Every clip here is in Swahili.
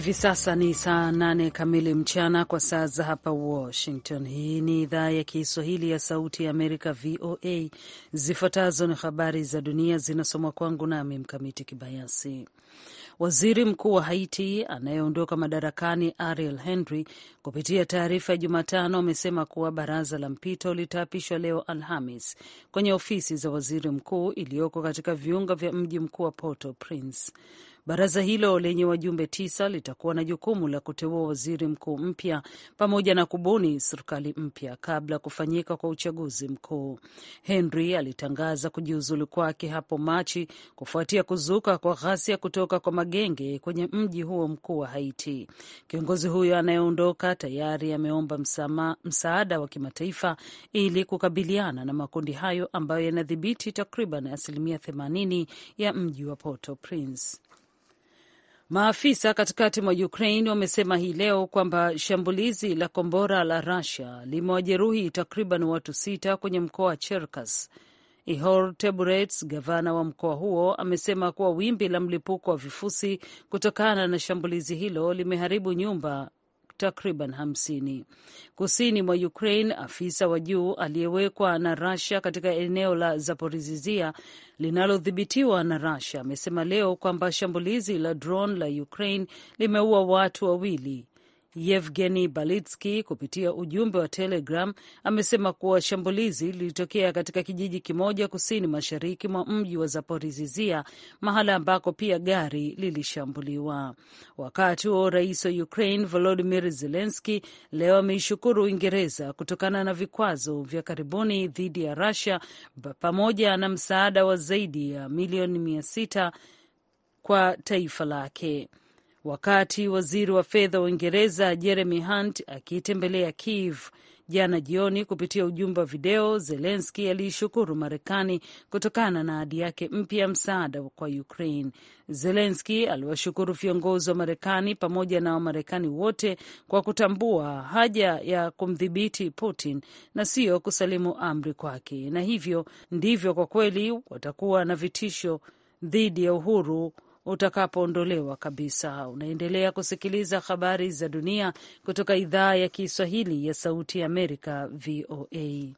Hivi sasa ni saa nane kamili mchana kwa saa za hapa Washington. Hii ni idhaa ya Kiswahili ya Sauti ya Amerika, VOA. Zifuatazo ni habari za dunia, zinasomwa kwangu nami Mkamiti Kibayasi. Waziri mkuu wa Haiti anayeondoka madarakani Ariel Henry, kupitia taarifa ya Jumatano, amesema kuwa baraza la mpito litaapishwa leo Alhamis kwenye ofisi za waziri mkuu iliyoko katika viunga vya mji mkuu wa porto Prince. Baraza hilo lenye wajumbe tisa litakuwa na jukumu la kuteua waziri mkuu mpya pamoja na kubuni serikali mpya kabla ya kufanyika kwa uchaguzi mkuu. Henry alitangaza kujiuzulu kwake hapo Machi kufuatia kuzuka kwa ghasia kutoka kwa magenge kwenye mji huo mkuu wa Haiti. Kiongozi huyo anayeondoka tayari ameomba msaada wa kimataifa ili kukabiliana na makundi hayo ambayo yanadhibiti takriban asilimia 80 ya mji wa Port-au-Prince. Maafisa katikati mwa Ukraine wamesema hii leo kwamba shambulizi la kombora la Russia limewajeruhi takriban watu sita kwenye mkoa wa Cherkas. Ihor Teburets, gavana wa mkoa huo, amesema kuwa wimbi la mlipuko wa vifusi kutokana na shambulizi hilo limeharibu nyumba takriban hamsini kusini mwa Ukraine. Afisa wa juu aliyewekwa na Russia katika eneo la Zaporizizia linalodhibitiwa na Russia amesema leo kwamba shambulizi la drone la Ukraine limeua watu wawili Yevgeni balitski kupitia ujumbe wa Telegram amesema kuwa shambulizi lilitokea katika kijiji kimoja kusini mashariki mwa mji wa zaporizizia mahala ambako pia gari lilishambuliwa. Wakati huo rais wa Ukraine volodimir zelenski leo ameishukuru Uingereza kutokana na vikwazo vya karibuni dhidi ya rasia pamoja na msaada wa zaidi ya milioni mia sita kwa taifa lake wakati waziri wa fedha wa Uingereza Jeremy Hunt akiitembelea Kiev jana jioni. Kupitia ujumbe wa video, Zelenski aliishukuru Marekani kutokana na ahadi yake mpya ya msaada kwa Ukraine. Zelenski aliwashukuru viongozi wa Marekani pamoja na Wamarekani wote kwa kutambua haja ya kumdhibiti Putin na siyo kusalimu amri kwake, na hivyo ndivyo kwa kweli watakuwa na vitisho dhidi ya uhuru utakapoondolewa kabisa. Unaendelea kusikiliza habari za dunia kutoka idhaa ya Kiswahili ya Sauti ya Amerika, VOA.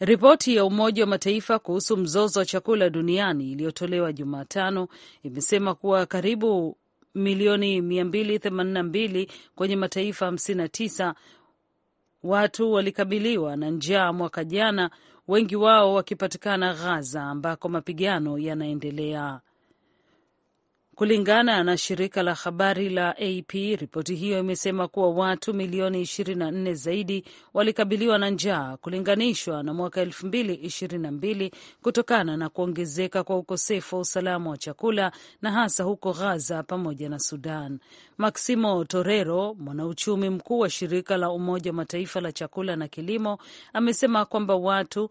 Ripoti ya Umoja wa Mataifa kuhusu mzozo wa chakula duniani iliyotolewa Jumatano imesema kuwa karibu milioni 282 kwenye mataifa 59 watu walikabiliwa na njaa mwaka jana, wengi wao wakipatikana Ghaza ambako mapigano yanaendelea. Kulingana na shirika la habari la AP, ripoti hiyo imesema kuwa watu milioni 24 zaidi walikabiliwa na njaa kulinganishwa na mwaka 2022 kutokana na kuongezeka kwa ukosefu wa usalama wa chakula na hasa huko Gaza pamoja na Sudan. Maximo Torero, mwanauchumi mkuu wa shirika la Umoja wa Mataifa la chakula na kilimo, amesema kwamba watu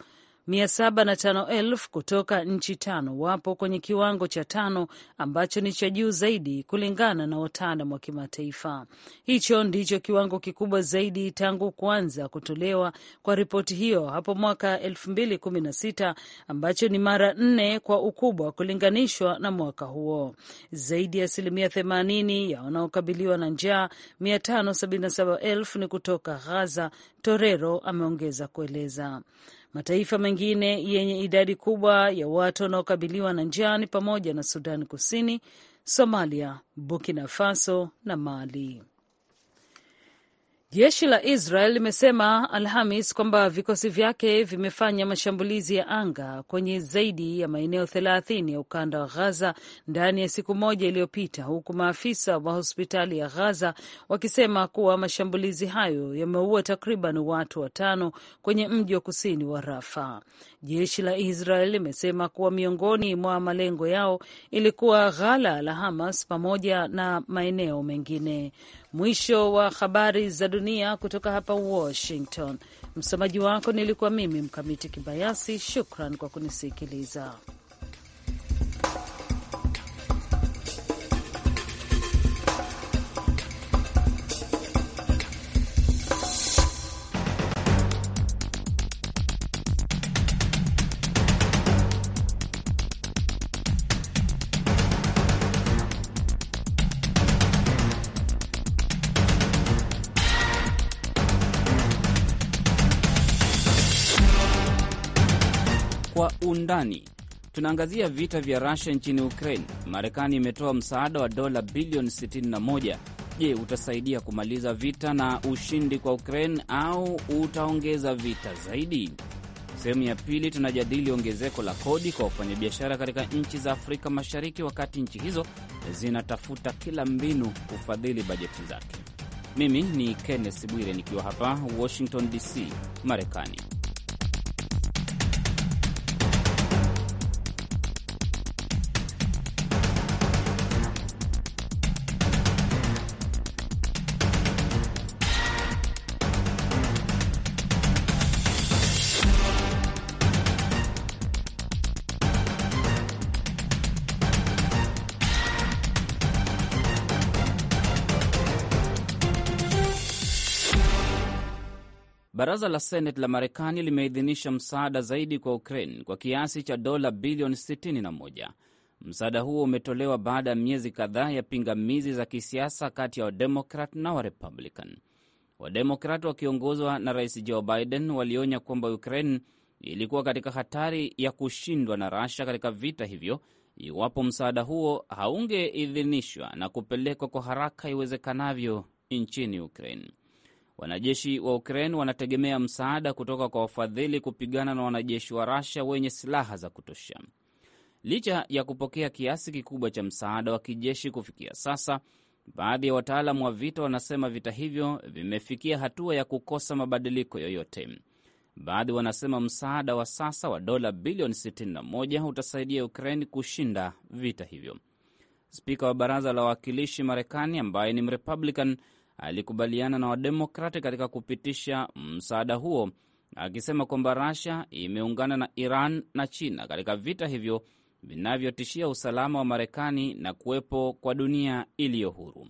75 kutoka nchi tano wapo kwenye kiwango cha tano ambacho ni cha juu zaidi kulingana na wataalam wa kimataifa. Hicho ndicho kiwango kikubwa zaidi tangu kuanza kutolewa kwa ripoti hiyo hapo mwaka 2016 ambacho ni mara nne kwa ukubwa kulinganishwa na mwaka huo. Zaidi ya asilimia 80 ya wanaokabiliwa na njaa 577 ni kutoka Ghaza, Torero ameongeza kueleza. Mataifa mengine yenye idadi kubwa ya watu wanaokabiliwa na njaa ni pamoja na Sudan Kusini, Somalia, Burkina Faso na Mali. Jeshi la Israel limesema Alhamis kwamba vikosi vyake vimefanya mashambulizi ya anga kwenye zaidi ya maeneo thelathini ya ukanda wa Ghaza ndani ya siku moja iliyopita, huku maafisa wa hospitali ya Ghaza wakisema kuwa mashambulizi hayo yameua takriban watu watano kwenye mji wa kusini wa Rafa. Jeshi la Israel limesema kuwa miongoni mwa malengo yao ilikuwa ghala la Hamas pamoja na maeneo mengine. Mwisho wa habari za dunia kutoka hapa Washington. Msomaji wako nilikuwa mimi Mkamiti Kibayasi. Shukran kwa kunisikiliza. Undani tunaangazia vita vya Rusia nchini Ukraine. Marekani imetoa msaada wa dola bilioni 61. Je, utasaidia kumaliza vita na ushindi kwa Ukraine au utaongeza vita zaidi? Sehemu ya pili tunajadili ongezeko la kodi kwa wafanyabiashara katika nchi za Afrika Mashariki, wakati nchi hizo zinatafuta kila mbinu kufadhili bajeti zake. Mimi ni Kenneth Bwire nikiwa hapa Washington DC, Marekani. Baraza la Seneti la Marekani limeidhinisha msaada zaidi kwa Ukraine kwa kiasi cha dola bilioni 61. Msaada huo umetolewa baada ya miezi kadhaa ya pingamizi za kisiasa kati ya Wademokrat na Warepublican. Wademokrat wakiongozwa na Rais Joe Biden walionya kwamba Ukraine ilikuwa katika hatari ya kushindwa na Rasha katika vita hivyo iwapo msaada huo haungeidhinishwa na kupelekwa kwa haraka iwezekanavyo nchini Ukraine. Wanajeshi wa Ukraine wanategemea msaada kutoka kwa wafadhili kupigana na wanajeshi wa Russia wenye silaha za kutosha. Licha ya kupokea kiasi kikubwa cha msaada wa kijeshi kufikia sasa, baadhi ya wataalamu wa vita wanasema vita hivyo vimefikia hatua ya kukosa mabadiliko yoyote. Baadhi wanasema msaada wa sasa wa dola bilioni 61 utasaidia Ukraine kushinda vita hivyo. Spika wa baraza la wawakilishi Marekani ambaye ni Mrepublican alikubaliana na Wademokrati katika kupitisha msaada huo, akisema kwamba Russia imeungana na Iran na China katika vita hivyo vinavyotishia usalama wa Marekani na kuwepo kwa dunia iliyo huru.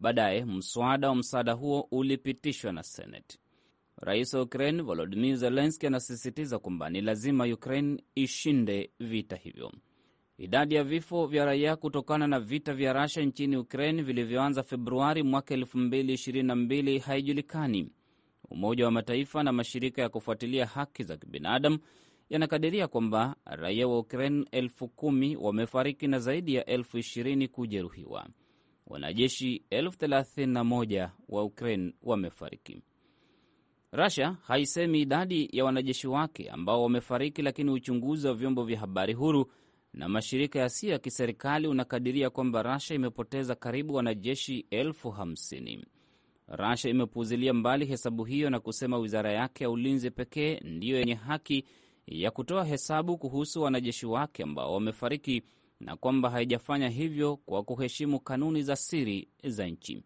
Baadaye mswada wa msaada huo ulipitishwa na Seneti. Rais wa Ukraine Volodimir Zelenski anasisitiza kwamba ni lazima Ukraine ishinde vita hivyo. Idadi ya vifo vya raia kutokana na vita vya rasha nchini Ukraine vilivyoanza Februari mwaka 2022 haijulikani. Umoja wa Mataifa na mashirika ya kufuatilia haki za kibinadamu yanakadiria kwamba raia wa Ukraine elfu kumi wamefariki na zaidi ya elfu ishirini kujeruhiwa. Wanajeshi elfu thelathini na moja wa Ukraine wamefariki. Russia haisemi idadi ya wanajeshi wake ambao wamefariki, lakini uchunguzi wa vyombo vya habari huru na mashirika yasiyo ya kiserikali unakadiria kwamba rasha imepoteza karibu wanajeshi elfu hamsini. imepuzilia imepuuzilia mbali hesabu hiyo na kusema wizara yake ya ulinzi pekee ndiyo yenye haki ya kutoa hesabu kuhusu wanajeshi wake ambao wamefariki na kwamba haijafanya hivyo kwa kuheshimu kanuni za siri za nchi.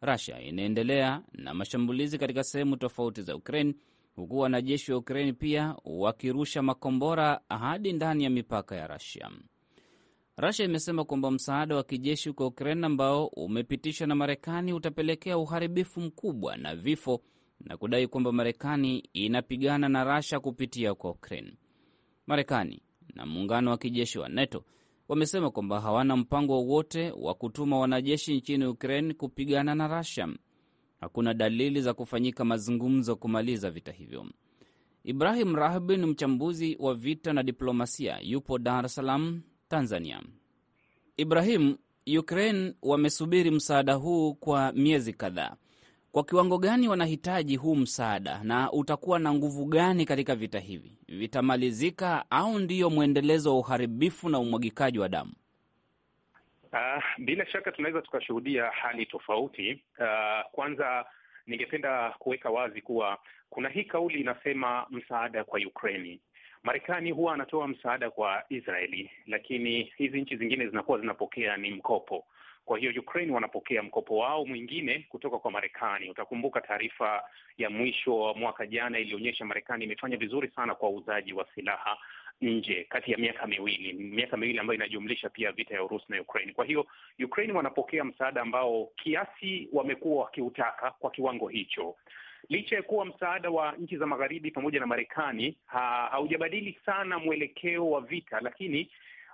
rasha inaendelea na mashambulizi katika sehemu tofauti za Ukraine huku wanajeshi wa Ukraini pia wakirusha makombora hadi ndani ya mipaka ya Rasia. Rasia imesema kwamba msaada wa kijeshi kwa Ukraini ambao umepitishwa na Marekani utapelekea uharibifu mkubwa na vifo na kudai kwamba Marekani inapigana na Rasha kupitia kwa Ukraini. Marekani na muungano wa kijeshi wa NATO wamesema kwamba hawana mpango wowote wa kutuma wanajeshi nchini Ukraini kupigana na Rasia hakuna dalili za kufanyika mazungumzo kumaliza vita hivyo. Ibrahim Rahbi ni mchambuzi wa vita na diplomasia, yupo Dar es Salaam, Tanzania. Ibrahim, Ukraine wamesubiri msaada huu kwa miezi kadhaa. Kwa kiwango gani wanahitaji huu msaada na utakuwa na nguvu gani katika vita hivi? Vitamalizika au ndiyo mwendelezo wa uharibifu na umwagikaji wa damu? Uh, bila shaka tunaweza tukashuhudia hali tofauti. Uh, kwanza ningependa kuweka wazi kuwa kuna hii kauli inasema msaada kwa Ukraini. Marekani huwa anatoa msaada kwa Israeli, lakini hizi nchi zingine zinakuwa zinapokea ni mkopo. Kwa hiyo Ukraine wanapokea mkopo wao mwingine kutoka kwa Marekani. Utakumbuka taarifa ya mwisho wa mwaka jana ilionyesha Marekani imefanya vizuri sana kwa uuzaji wa silaha nje kati ya miaka miwili, miaka miwili ambayo inajumlisha pia vita ya Urusi na Ukraine. Kwa hiyo Ukraine wanapokea msaada ambao kiasi wamekuwa wakiutaka kwa kiwango hicho licha ya kuwa msaada wa nchi za magharibi pamoja na Marekani haujabadili sana mwelekeo wa vita, lakini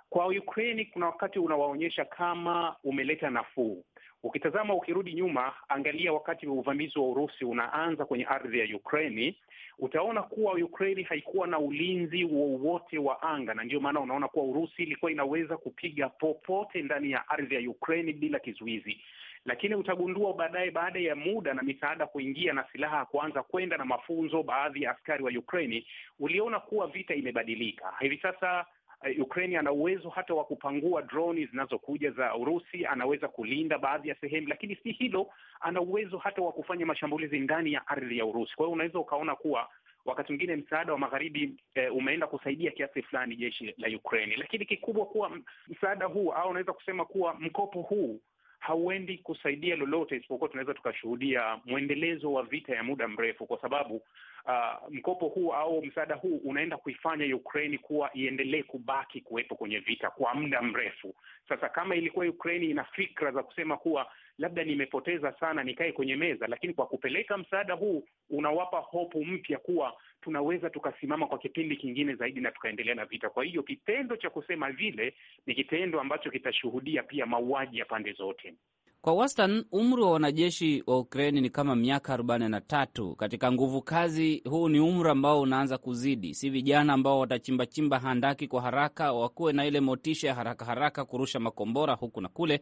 kwa Ukraini kuna wakati unawaonyesha kama umeleta nafuu. Ukitazama ukirudi nyuma, angalia wakati wa uvamizi wa Urusi unaanza kwenye ardhi ya Ukraini, utaona kuwa Ukraini haikuwa na ulinzi wowote wa anga, na ndio maana unaona kuwa Urusi ilikuwa inaweza kupiga popote ndani ya ardhi ya Ukraini bila kizuizi. Lakini utagundua baadaye, baada ya muda na misaada kuingia na silaha kuanza kwenda na mafunzo, baadhi ya askari wa Ukraini, uliona kuwa vita imebadilika hivi sasa. Eh, Ukraine ana uwezo hata wa kupangua droni zinazokuja za Urusi, anaweza kulinda baadhi ya sehemu, lakini si hilo, ana uwezo hata wa kufanya mashambulizi ndani ya ardhi ya Urusi. Kwa hiyo unaweza ukaona kuwa wakati mwingine msaada wa magharibi e, umeenda kusaidia kiasi fulani jeshi la Ukraine, lakini kikubwa kuwa msaada huu au unaweza kusema kuwa mkopo huu hauendi kusaidia lolote, isipokuwa tunaweza tukashuhudia mwendelezo wa vita ya muda mrefu, kwa sababu uh, mkopo huu au msaada huu unaenda kuifanya Ukraini kuwa iendelee kubaki kuwepo kwenye vita kwa muda mrefu. Sasa kama ilikuwa Ukraini ina fikra za kusema kuwa labda nimepoteza sana, nikae kwenye meza, lakini kwa kupeleka msaada huu unawapa hopu mpya kuwa tunaweza tukasimama kwa kipindi kingine zaidi na tukaendelea na vita. Kwa hiyo kitendo cha kusema vile ni kitendo ambacho kitashuhudia pia mauaji ya pande zote. Kwa wastani umri wa wanajeshi wa Ukraini ni kama miaka arobaini na tatu katika nguvu kazi. Huu ni umri ambao unaanza kuzidi, si vijana ambao watachimbachimba handaki kwa haraka, wakuwe na ile motisha ya haraka haraka kurusha makombora huku na kule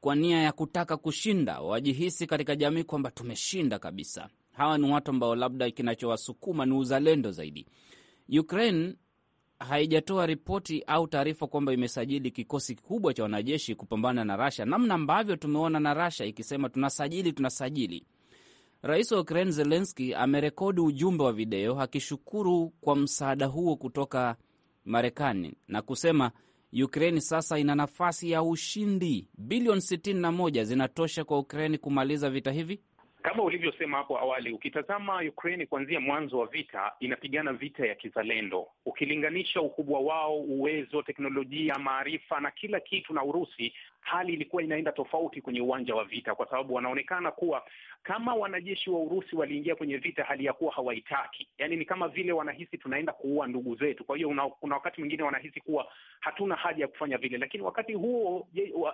kwa nia ya kutaka kushinda, wajihisi katika jamii kwamba tumeshinda kabisa hawa ni watu ambao labda kinachowasukuma ni uzalendo zaidi. Ukraine haijatoa ripoti au taarifa kwamba imesajili kikosi kikubwa cha wanajeshi kupambana na Rasha, namna ambavyo tumeona na Rasha ikisema tunasajili, tunasajili. Rais wa Ukraine Zelenski amerekodi ujumbe wa video akishukuru kwa msaada huo kutoka Marekani na kusema Ukraini sasa ina nafasi ya ushindi. Bilioni 61 zinatosha kwa Ukraini kumaliza vita hivi kama ulivyosema hapo awali, ukitazama Ukraine kuanzia mwanzo wa vita inapigana vita ya kizalendo. Ukilinganisha ukubwa wao, uwezo, teknolojia, maarifa na kila kitu na Urusi, hali ilikuwa inaenda tofauti kwenye uwanja wa vita, kwa sababu wanaonekana kuwa kama wanajeshi wa Urusi waliingia kwenye vita hali ya kuwa hawaitaki, yani ni kama vile wanahisi tunaenda kuua ndugu zetu. Kwa hiyo kuna wakati mwingine wanahisi kuwa hatuna haja ya kufanya vile, lakini wakati huo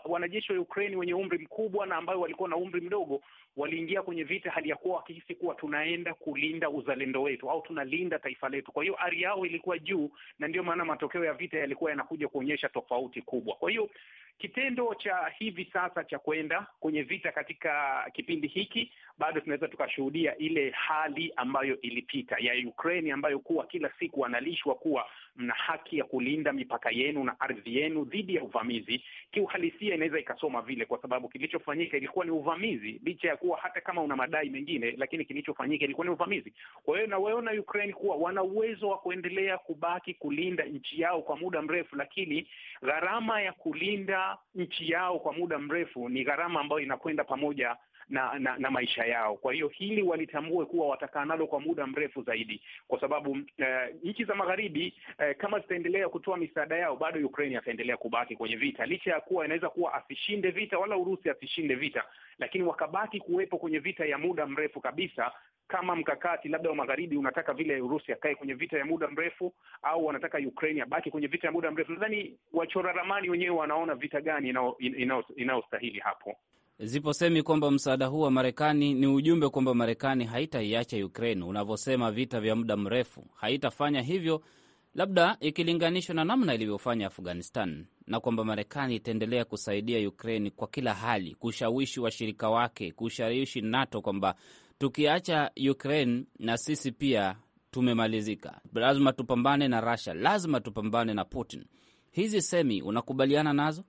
wanajeshi wa Ukraine wenye umri mkubwa na ambayo walikuwa na umri mdogo waliingia kwenye vita hali ya kuwa wakihisi kuwa tunaenda kulinda uzalendo wetu au tunalinda taifa letu. Kwa hiyo ari yao ilikuwa juu, na ndio maana matokeo ya vita yalikuwa yanakuja kuonyesha tofauti kubwa. Kwa hiyo kitendo cha hivi sasa cha kwenda kwenye vita katika kipindi hiki, bado tunaweza tukashuhudia ile hali ambayo ilipita ya Ukraine ambayo kuwa kila siku wanalishwa kuwa mna haki ya kulinda mipaka yenu na ardhi yenu dhidi ya uvamizi. Kiuhalisia inaweza ikasoma vile, kwa sababu kilichofanyika ilikuwa ni uvamizi, licha ya kuwa hata kama una madai mengine, lakini kilichofanyika ilikuwa ni uvamizi. Kwa hiyo nawaona Ukraine kuwa wana uwezo wa kuendelea kubaki kulinda nchi yao kwa muda mrefu, lakini gharama ya kulinda nchi yao kwa muda mrefu ni gharama ambayo inakwenda pamoja na, na na maisha yao. Kwa hiyo hili walitambue kuwa watakaa nalo kwa muda mrefu zaidi, kwa sababu uh, nchi za magharibi uh, kama zitaendelea kutoa misaada yao, bado Ukraine ataendelea kubaki kwenye vita, licha ya kuwa inaweza kuwa asishinde vita wala Urusi asishinde vita, lakini wakabaki kuwepo kwenye vita ya muda mrefu kabisa kama mkakati labda wa magharibi unataka vile Urusi akae kwenye vita ya muda mrefu au wanataka Ukraine abaki kwenye vita ya muda mrefu. Nadhani wachora ramani wenyewe wanaona vita gani inayostahili hapo. Zipo semi kwamba msaada huu wa Marekani ni ujumbe kwamba Marekani haitaiacha Ukraine, unavyosema vita vya muda mrefu, haitafanya hivyo, labda ikilinganishwa na namna ilivyofanya Afghanistan, na kwamba Marekani itaendelea kusaidia Ukraine kwa kila hali, kushawishi washirika wake, kushawishi NATO kwamba tukiacha Ukraine na sisi pia tumemalizika, lazima tupambane na Russia, lazima tupambane na Putin. Hizi semi unakubaliana nazo?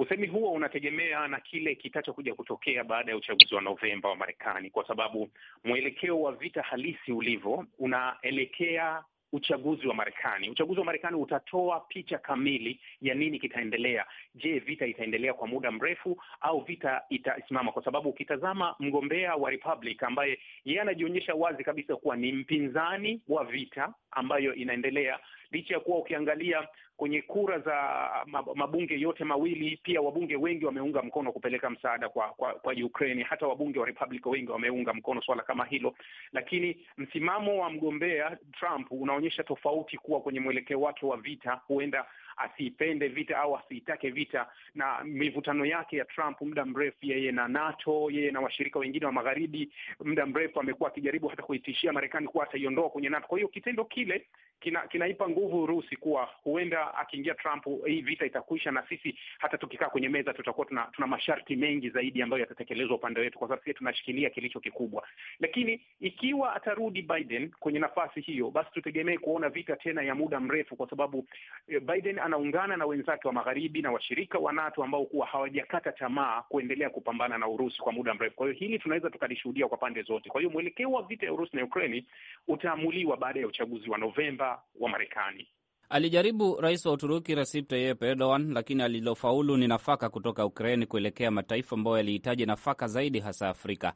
Usemi huo unategemea na kile kitachokuja kutokea baada ya uchaguzi wa Novemba wa Marekani, kwa sababu mwelekeo wa vita halisi ulivyo unaelekea uchaguzi wa Marekani. Uchaguzi wa Marekani utatoa picha kamili ya nini kitaendelea. Je, vita itaendelea kwa muda mrefu au vita itasimama? Kwa sababu ukitazama mgombea wa Republic ambaye yeye anajionyesha wazi kabisa kuwa ni mpinzani wa vita ambayo inaendelea, licha ya kuwa ukiangalia kwenye kura za mabunge yote mawili, pia wabunge wengi wameunga mkono kupeleka msaada kwa kwa, kwa Ukraine. Hata wabunge wa Republican wengi wameunga mkono swala kama hilo, lakini msimamo wa mgombea Trump unaonyesha tofauti kuwa kwenye mwelekeo wake wa vita huenda asiipende vita au asiitake vita, na mivutano yake ya Trump muda mrefu, yeye na NATO, yeye na washirika wengine wa magharibi, muda mrefu amekuwa akijaribu hata kuitishia Marekani kuwa ataiondoa kwenye NATO. Kwa hiyo kitendo kile kina kinaipa nguvu Urusi kuwa huenda akiingia Trump hii vita itakwisha, na sisi hata tukikaa kwenye meza tutakuwa tuna, tuna masharti mengi zaidi ambayo yatatekelezwa upande wetu, kwa sababu sisi tunashikilia kilicho kikubwa. Lakini ikiwa atarudi Biden kwenye nafasi hiyo, basi tutegemee kuona vita tena ya muda mrefu, kwa sababu eh, Biden anaungana na wenzake wa magharibi na washirika wa NATO ambao kuwa hawajakata tamaa kuendelea kupambana na Urusi kwa muda mrefu. Kwa hiyo hili tunaweza tukalishuhudia kwa pande zote. Kwa hiyo mwelekeo wa vita ya Urusi na Ukraini utaamuliwa baada ya uchaguzi wa Novemba wa Marekani. Alijaribu rais wa Uturuki Recep Tayyip Erdogan, lakini alilofaulu ni nafaka kutoka Ukraini kuelekea mataifa ambayo yalihitaji nafaka zaidi, hasa Afrika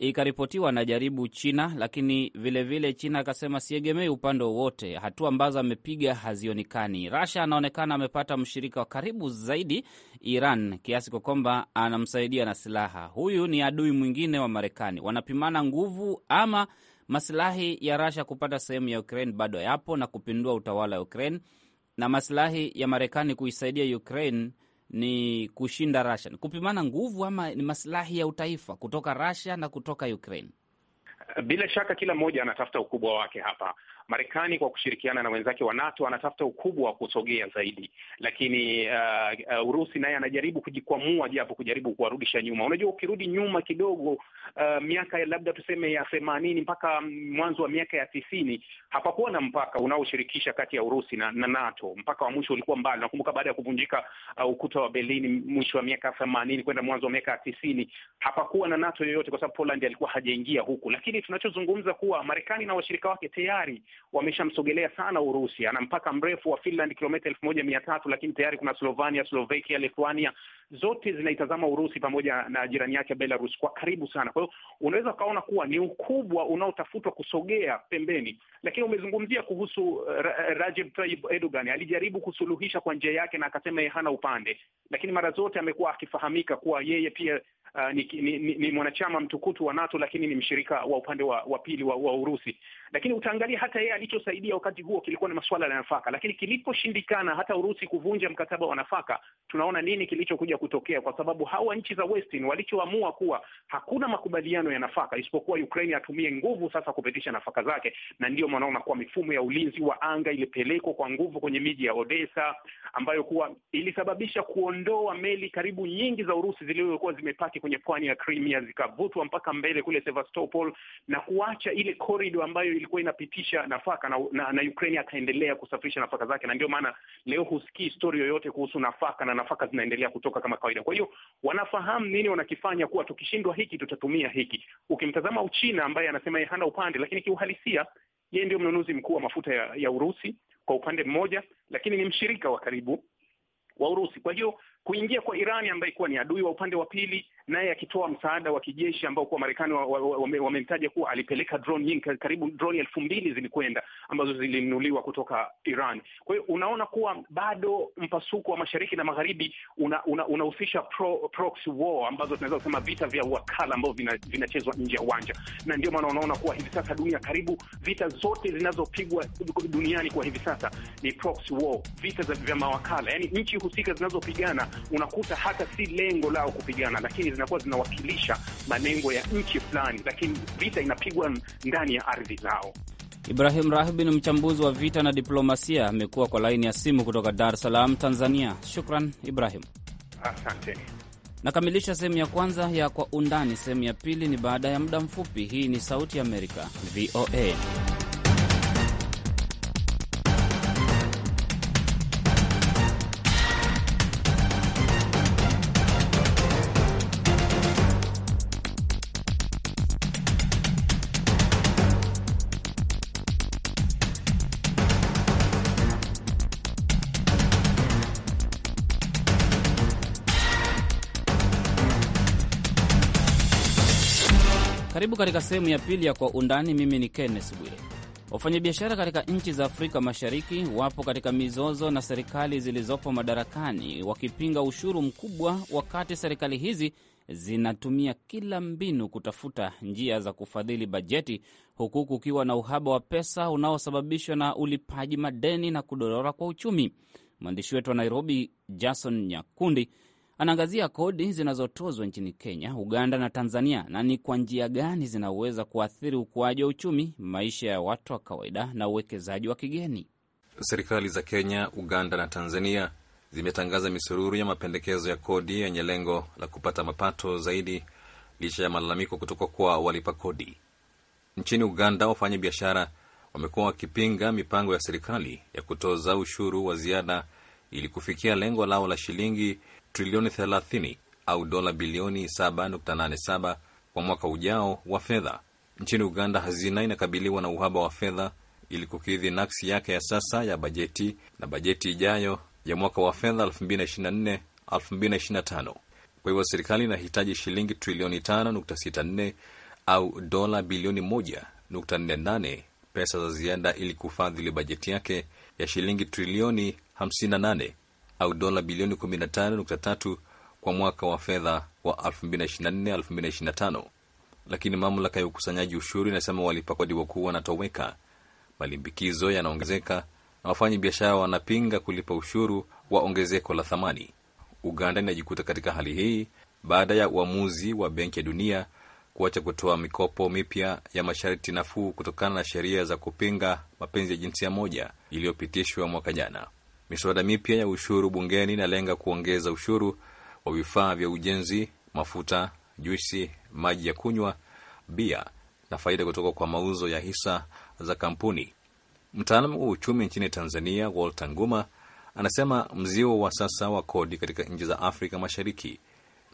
ikaripotiwa na jaribu China, lakini vilevile vile China akasema siegemei upande wowote. Hatua ambazo amepiga hazionekani. rasha anaonekana amepata mshirika wa karibu zaidi Iran, kiasi kwa kwamba anamsaidia na silaha. Huyu ni adui mwingine wa Marekani. Wanapimana nguvu ama masilahi ya rasha kupata sehemu ya Ukraine bado yapo na kupindua utawala wa Ukraine na masilahi ya Marekani kuisaidia Ukraine ni kushinda Russia? Ni kupimana nguvu ama ni masilahi ya utaifa kutoka Russia na kutoka Ukraine? Bila shaka kila mmoja anatafuta ukubwa wake hapa. Marekani kwa kushirikiana na wenzake wa NATO anatafuta ukubwa wa kusogea zaidi, lakini uh, uh, Urusi naye anajaribu kujikwamua, japo kujaribu kuwarudisha nyuma. Unajua, ukirudi nyuma kidogo uh, miaka labda tuseme ya themanini mpaka mwanzo wa miaka ya tisini hapakuwa na mpaka unaoshirikisha kati ya Urusi na, na NATO. Mpaka wa mwisho ulikuwa mbali, nakumbuka baada ya kuvunjika uh, ukuta wa Berlin mwisho wa miaka ya themanini kwenda mwanzo wa miaka ya tisini hapakuwa na NATO yoyote, kwa sababu Poland alikuwa hajaingia huku, lakini tunachozungumza kuwa Marekani na washirika wake tayari wameshamsogelea sana Urusi. Ana mpaka mrefu wa Finland kilomita elfu moja mia tatu lakini tayari kuna slovania Slovakia, Lithuania zote zinaitazama Urusi pamoja na jirani yake Belarus kwa karibu sana. Kwa hiyo unaweza ukaona kuwa ni ukubwa unaotafutwa kusogea pembeni, lakini umezungumzia kuhusu eh, Rajab eh, Tayyip Erdogan. Alijaribu kusuluhisha kwa njia yake na akasema yeye hana upande, lakini mara zote amekuwa akifahamika kuwa yeye pia uh, ni, ni, ni, ni mwanachama mtukutu wa NATO, lakini ni mshirika wa upande wa, wa pili wa, wa Urusi. Lakini utaangalia hata yeye alichosaidia wakati huo kilikuwa ni masuala ya nafaka, lakini kiliposhindikana hata Urusi kuvunja mkataba wa nafaka, tunaona nini kilichokuja kutokea, kwa sababu hawa nchi za Western walichoamua kuwa hakuna makubaliano ya nafaka isipokuwa Ukraine atumie nguvu sasa kupitisha nafaka zake, na ndio mwanaona kuwa mifumo ya ulinzi wa anga ilipelekwa kwa nguvu kwenye miji ya Odessa ambayo kuwa ilisababisha kuondoa meli karibu nyingi za Urusi zilizokuwa zimepaki kwenye pwani ya Crimea zikavutwa mpaka mbele kule Sevastopol na kuacha ile corridor ambayo ilikuwa inapitisha nafaka na, na, na Ukraine akaendelea kusafirisha nafaka zake, na ndio maana leo husikii story yoyote kuhusu nafaka na nafaka zinaendelea kutoka kama kawaida. Kwa hiyo wanafahamu nini wanakifanya, kuwa tukishindwa hiki tutatumia hiki. Ukimtazama Uchina ambaye anasema yeye hana upande, lakini kiuhalisia yeye ndio mnunuzi mkuu wa mafuta ya, ya Urusi kwa upande mmoja, lakini ni mshirika wa karibu wa Urusi. Kwa hiyo kuingia kwa Irani ambaye kuwa ni adui wa upande wa pili, naye akitoa msaada wa kijeshi ambao kuwa Marekani wamemtaja wa, wa, wa kuwa alipeleka drone nyingi, karibu drone elfu mbili zilikwenda ambazo zilinunuliwa kutoka Iran. Kwa hiyo unaona kuwa bado mpasuko wa mashariki na magharibi unahusisha una, una pro, proxy war ambazo tunaweza kusema vita vya wakala ambao vinachezwa vina nje ya uwanja, na ndio maana unaona kuwa hivi sasa dunia, karibu vita zote zinazopigwa duniani kwa hivi sasa ni proxy war, vita za vya mawakala, yani nchi husika zinazopigana unakuta hata si lengo lao kupigana, lakini zinakuwa zinawakilisha malengo ya nchi fulani, lakini vita inapigwa ndani ya ardhi zao. Ibrahim Rahbi ni mchambuzi wa vita na diplomasia, amekuwa kwa laini ya simu kutoka Dar es Salaam, Tanzania. Shukran Ibrahim, asante. Nakamilisha sehemu ya kwanza ya Kwa Undani. Sehemu ya pili ni baada ya muda mfupi. Hii ni Sauti ya Amerika, VOA. Karibu katika sehemu ya pili ya Kwa Undani. Mimi ni Kenneth Bwire. Wafanyabiashara katika nchi za Afrika Mashariki wapo katika mizozo na serikali zilizopo madarakani, wakipinga ushuru mkubwa, wakati serikali hizi zinatumia kila mbinu kutafuta njia za kufadhili bajeti, huku kukiwa na uhaba wa pesa unaosababishwa na ulipaji madeni na kudorora kwa uchumi. Mwandishi wetu wa Nairobi, Jason Nyakundi, Anaangazia kodi zinazotozwa nchini Kenya, Uganda na Tanzania na ni kwa njia gani zinaweza kuathiri ukuaji wa uchumi, maisha ya watu wa kawaida na uwekezaji wa kigeni. Serikali za Kenya, Uganda na Tanzania zimetangaza misururu ya mapendekezo ya kodi yenye lengo la kupata mapato zaidi licha ya malalamiko kutoka kwa walipa kodi. Nchini Uganda, wafanya biashara wamekuwa wakipinga mipango ya serikali ya kutoza ushuru wa ziada ili kufikia lengo lao la shilingi trilioni 30 au dola bilioni 7.87 kwa mwaka ujao wa fedha. Nchini Uganda, hazina inakabiliwa na uhaba wa fedha ili kukidhi nakisi yake ya sasa ya bajeti na bajeti ijayo ya mwaka wa fedha 2024 2025. Kwa hivyo serikali inahitaji shilingi trilioni 5.64 au dola bilioni 1.48 pesa za ziada ili kufadhili bajeti yake ya shilingi trilioni 58 au dola bilioni 15.3 kwa mwaka wa fedha wa 2024-2025, lakini mamlaka ya ukusanyaji ushuru inasema walipa kodi wakuu wanatoweka, malimbikizo yanaongezeka na wafanyi biashara wanapinga kulipa ushuru wa ongezeko la thamani. Uganda inajikuta katika hali hii baada ya uamuzi wa Benki ya Dunia kuacha kutoa mikopo mipya ya masharti nafuu kutokana na sheria za kupinga mapenzi ya jinsia moja iliyopitishwa mwaka jana. Miswada mipya ya ushuru bungeni inalenga kuongeza ushuru wa vifaa vya ujenzi, mafuta, juisi, maji ya kunywa, bia na faida kutoka kwa mauzo ya hisa za kampuni. Mtaalamu wa uchumi nchini Tanzania Walter Nguma anasema mzio wa sasa wa kodi katika nchi za Afrika Mashariki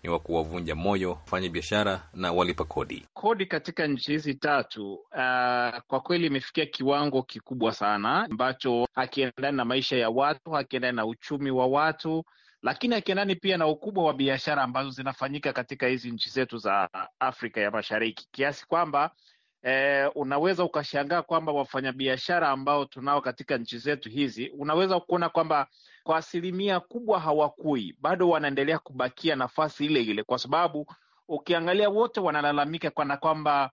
ni wa kuwavunja moyo wafanya biashara na walipa kodi. Kodi katika nchi hizi tatu uh, kwa kweli imefikia kiwango kikubwa sana ambacho hakiendani na maisha ya watu, hakiendani na uchumi wa watu lakini akiendani pia na ukubwa wa biashara ambazo zinafanyika katika hizi nchi zetu za Afrika ya Mashariki, kiasi kwamba eh, unaweza ukashangaa kwamba wafanyabiashara ambao tunao katika nchi zetu hizi, unaweza kuona kwamba kwa asilimia kubwa hawakui, bado wanaendelea kubakia nafasi ile ile, kwa sababu ukiangalia wote wanalalamika kana kwamba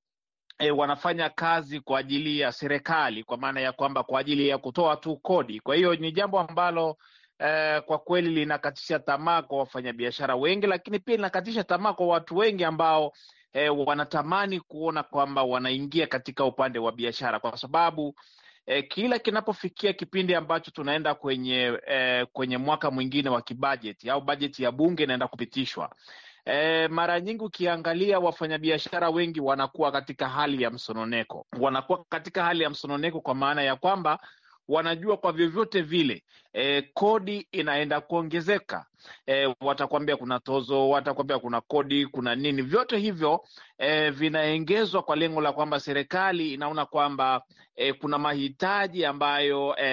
E, wanafanya kazi kwa ajili ya serikali kwa maana ya kwamba kwa ajili ya kutoa tu kodi. Kwa hiyo ni jambo ambalo e, kwa kweli linakatisha tamaa kwa wafanyabiashara wengi, lakini pia linakatisha tamaa kwa watu wengi ambao e, wanatamani kuona kwamba wanaingia katika upande wa biashara kwa sababu e, kila kinapofikia kipindi ambacho tunaenda kwenye e, kwenye mwaka mwingine wa kibajeti au bajeti ya bunge inaenda kupitishwa E, mara nyingi ukiangalia wafanyabiashara wengi wanakuwa katika hali ya msononeko, wanakuwa katika hali ya msononeko kwa maana ya kwamba wanajua kwa vyovyote vile e, kodi inaenda kuongezeka. E, watakwambia kuna tozo, watakwambia kuna kodi, kuna nini, vyote hivyo e, vinaengezwa kwa lengo la kwamba serikali inaona kwamba e, kuna mahitaji ambayo e,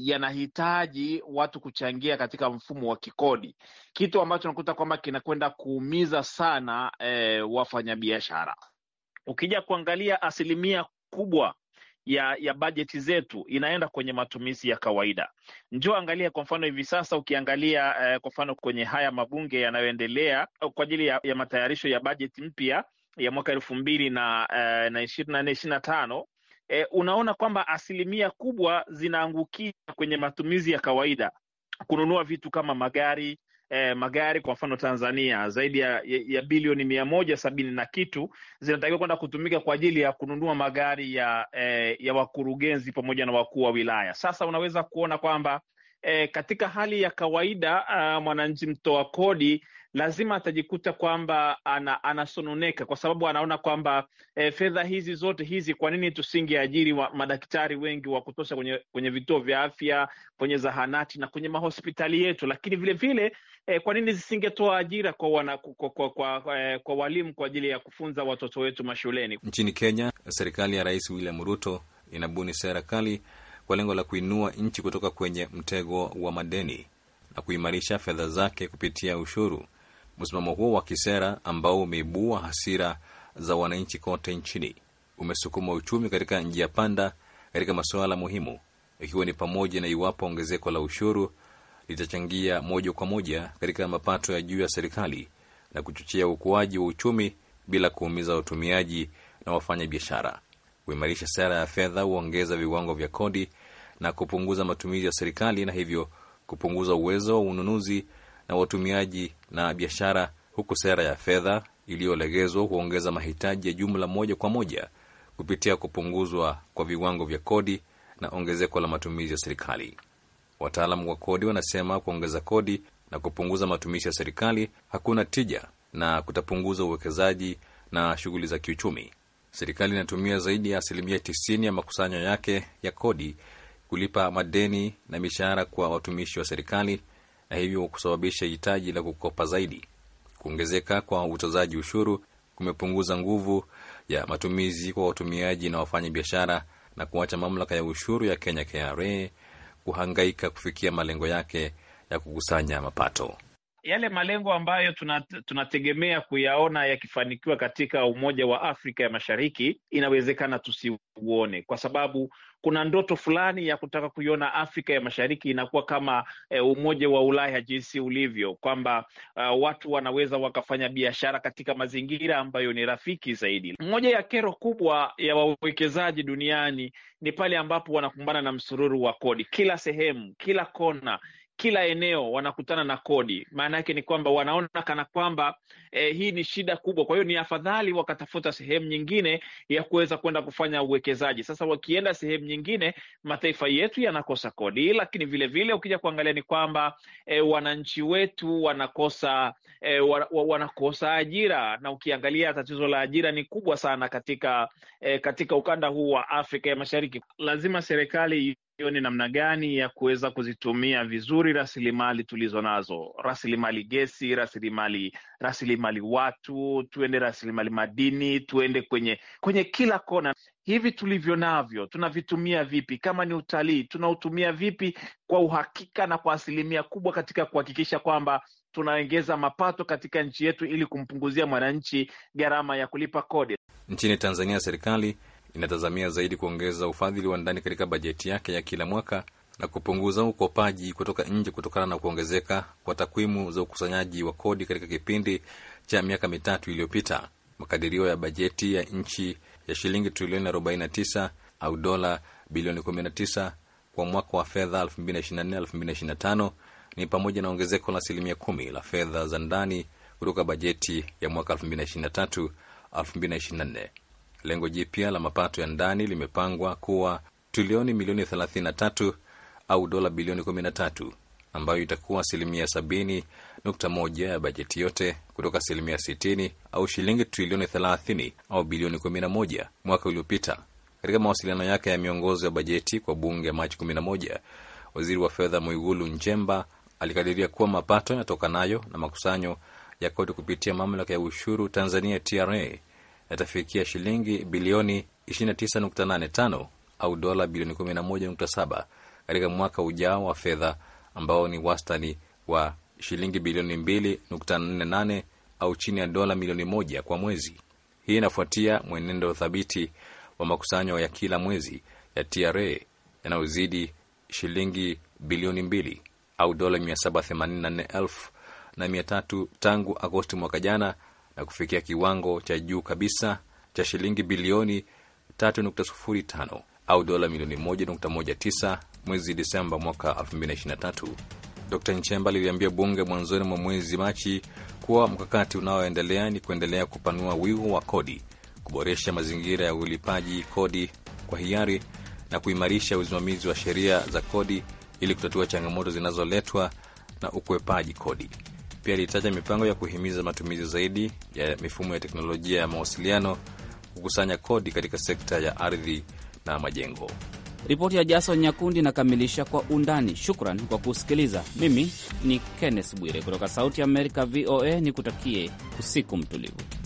yanahitaji watu kuchangia katika mfumo wa kikodi, kitu ambacho nakuta kwamba kinakwenda kuumiza sana e, wafanyabiashara. Ukija kuangalia asilimia kubwa ya ya bajeti zetu inaenda kwenye matumizi ya kawaida. Njoo angalia kwa mfano hivi sasa, ukiangalia eh, kwa mfano kwenye haya mabunge yanayoendelea kwa ajili ya, ya matayarisho ya bajeti mpya ya mwaka elfu mbili na eh, na ishirini na nne ishirini na tano eh, unaona kwamba asilimia kubwa zinaangukia kwenye matumizi ya kawaida kununua vitu kama magari eh, magari kwa mfano Tanzania zaidi ya, ya bilioni mia moja sabini na kitu zinatakiwa kwenda kutumika kwa ajili ya kununua magari ya, eh, ya wakurugenzi pamoja na wakuu wa wilaya. Sasa unaweza kuona kwamba eh, katika hali ya kawaida uh, mwananchi mtoa kodi lazima atajikuta kwamba ana, anasononeka kwa sababu anaona kwamba e, fedha hizi zote hizi, kwa nini tusingeajiri wa madaktari wengi wa kutosha kwenye, kwenye vituo vya afya, kwenye zahanati na kwenye mahospitali yetu, lakini vilevile e, eh, kwa nini zisingetoa ajira kwa, wana, kwa, kwa, kwa, kwa, eh, kwa walimu kwa ajili ya kufunza watoto wetu mashuleni. Nchini Kenya, serikali ya Rais William Ruto inabuni sera kali kwa lengo la kuinua nchi kutoka kwenye mtego wa madeni na kuimarisha fedha zake kupitia ushuru. Msimamo huo wa kisera ambao umeibua hasira za wananchi kote nchini umesukuma uchumi katika njia panda katika masuala muhimu, ikiwa ni pamoja na iwapo ongezeko la ushuru litachangia moja kwa moja katika mapato ya juu ya serikali na kuchochea ukuaji wa uchumi bila kuumiza watumiaji na wafanya biashara. Kuimarisha sera ya fedha huongeza viwango vya kodi na kupunguza matumizi ya serikali na hivyo kupunguza uwezo wa ununuzi na watumiaji na biashara, huku sera ya fedha iliyolegezwa huongeza mahitaji ya jumla moja kwa moja kupitia kupunguzwa kwa viwango vya kodi na ongezeko la matumizi ya serikali. Wataalamu wa kodi wanasema kuongeza kodi na kupunguza matumizi ya serikali hakuna tija na kutapunguza uwekezaji na shughuli za kiuchumi. Serikali inatumia zaidi ya asilimia 90 ya makusanyo yake ya kodi kulipa madeni na mishahara kwa watumishi wa serikali na hivyo kusababisha hitaji la kukopa zaidi. Kuongezeka kwa utozaji ushuru kumepunguza nguvu ya matumizi kwa watumiaji na wafanyabiashara na kuacha mamlaka ya ushuru ya Kenya KRA kuhangaika kufikia malengo yake ya kukusanya mapato yale malengo ambayo tunategemea kuyaona yakifanikiwa katika Umoja wa Afrika ya Mashariki inawezekana tusiuone, kwa sababu kuna ndoto fulani ya kutaka kuiona Afrika ya Mashariki inakuwa kama e, Umoja wa Ulaya jinsi ulivyo, kwamba uh, watu wanaweza wakafanya biashara katika mazingira ambayo ni rafiki zaidi. Moja ya kero kubwa ya wawekezaji duniani ni pale ambapo wanakumbana na msururu wa kodi kila sehemu, kila kona kila eneo wanakutana na kodi. Maana yake ni kwamba wanaona kana kwamba eh, hii ni shida kubwa, kwa hiyo ni afadhali wakatafuta sehemu nyingine ya kuweza kwenda kufanya uwekezaji. Sasa wakienda sehemu nyingine, mataifa yetu yanakosa kodi, lakini vilevile vile, ukija kuangalia ni kwamba eh, wananchi wetu wanakosa eh, wanakosa ajira, na ukiangalia tatizo la ajira ni kubwa sana katika eh, katika ukanda huu wa Afrika ya Mashariki. Lazima serikali hiyo ni namna gani ya kuweza kuzitumia vizuri rasilimali tulizo nazo, rasilimali gesi, rasilimali rasilimali watu, tuende rasilimali madini, tuende kwenye kwenye kila kona. Hivi tulivyo navyo tunavitumia vipi? Kama ni utalii, tunautumia vipi kwa uhakika na kwa asilimia kubwa katika kuhakikisha kwamba tunaongeza mapato katika nchi yetu ili kumpunguzia mwananchi gharama ya kulipa kodi. Nchini Tanzania serikali inatazamia zaidi kuongeza ufadhili wa ndani katika bajeti yake ya kila mwaka na kupunguza ukopaji kutoka nje kutokana na kuongezeka kwa takwimu za ukusanyaji wa kodi katika kipindi cha miaka mitatu iliyopita. Makadirio ya bajeti ya nchi ya shilingi trilioni 49 au dola bilioni 19 kwa mwaka wa fedha 2024/2025 ni pamoja na ongezeko la asilimia kumi la fedha za ndani kutoka bajeti ya mwaka 2023/2024 lengo jipya la mapato ya ndani limepangwa kuwa trilioni milioni 33 au dola bilioni 13 ambayo itakuwa asilimia 70.1 ya bajeti yote kutoka asilimia 60 au shilingi trilioni 30 au bilioni 11 mwaka uliopita. Katika mawasiliano yake ya miongozo ya bajeti kwa bunge Machi 11, waziri wa fedha Mwigulu Nchemba alikadiria kuwa mapato yatokanayo na makusanyo ya kodi kupitia mamlaka ya ushuru Tanzania TRA yatafikia shilingi bilioni 29.85 au dola bilioni 11.7 katika mwaka ujao wa fedha ambao ni wastani wa shilingi bilioni 2.48 au chini ya dola milioni moja kwa mwezi. Hii inafuatia mwenendo thabiti wa makusanyo ya kila mwezi ya TRA yanayozidi shilingi bilioni mbili au dola 784,300 tangu Agosti mwaka jana na kufikia kiwango cha juu kabisa cha shilingi bilioni 3.05 au dola milioni 1.19 mwezi Disemba mwaka 2023. Dr Nchemba liliambia bunge mwanzoni mwa mwezi Machi kuwa mkakati unaoendelea ni kuendelea kupanua wigo wa kodi, kuboresha mazingira ya ulipaji kodi kwa hiari na kuimarisha usimamizi wa sheria za kodi ili kutatua changamoto zinazoletwa na ukwepaji kodi. Pia alitaja mipango ya kuhimiza matumizi zaidi ya mifumo ya teknolojia ya mawasiliano kukusanya kodi katika sekta ya ardhi na majengo. Ripoti ya Jason Nyakundi inakamilisha Kwa Undani. Shukran kwa kusikiliza. Mimi ni Kenneth Bwire kutoka Sauti ya Amerika, VOA, nikutakie usiku mtulivu.